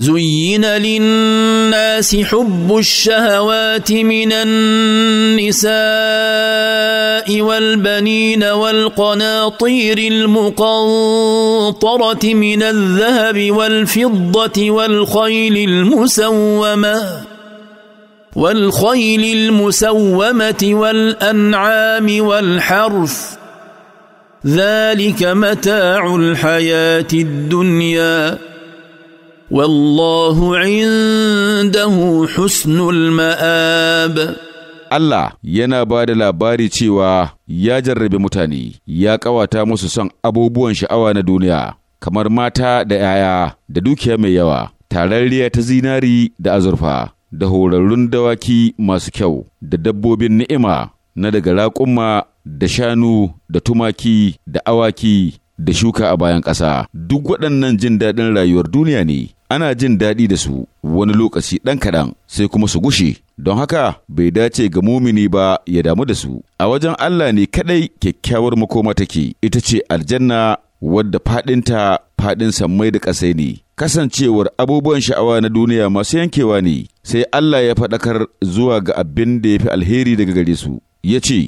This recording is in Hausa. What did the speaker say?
زين للناس حب الشهوات من النساء والبنين والقناطير المقنطره من الذهب والفضه والخيل المسومه والخيل المسومه والانعام والحرث ذلك متاع الحياه الدنيا والله عنده حسن المآب Allah yana ba da labari cewa ya jarrabe mutane, ya ƙawata musu son abubuwan sha'awa na duniya, kamar mata da ‘ya'ya da dukiya mai yawa, tararriya ta zinari da azurfa, da horarrun dawaki masu kyau, da dabbobin ni'ima na daga raƙumma da shanu da tumaki da awaki da shuka a bayan ƙasa duk waɗannan jin daɗin rayuwar duniya ne ana jin daɗi da su wani lokaci ɗan kaɗan sai kuma su gushe don haka bai dace ga mumini ba ya damu da su a wajen Allah ne kaɗai kyakkyawar makoma take ita ce aljanna wadda faɗinta faɗin sammai da ƙasai ne kasancewar abubuwan sha'awa na duniya masu yankewa ne sai Allah ya faɗakar zuwa ga abin da ya fi alheri daga gare su ya ce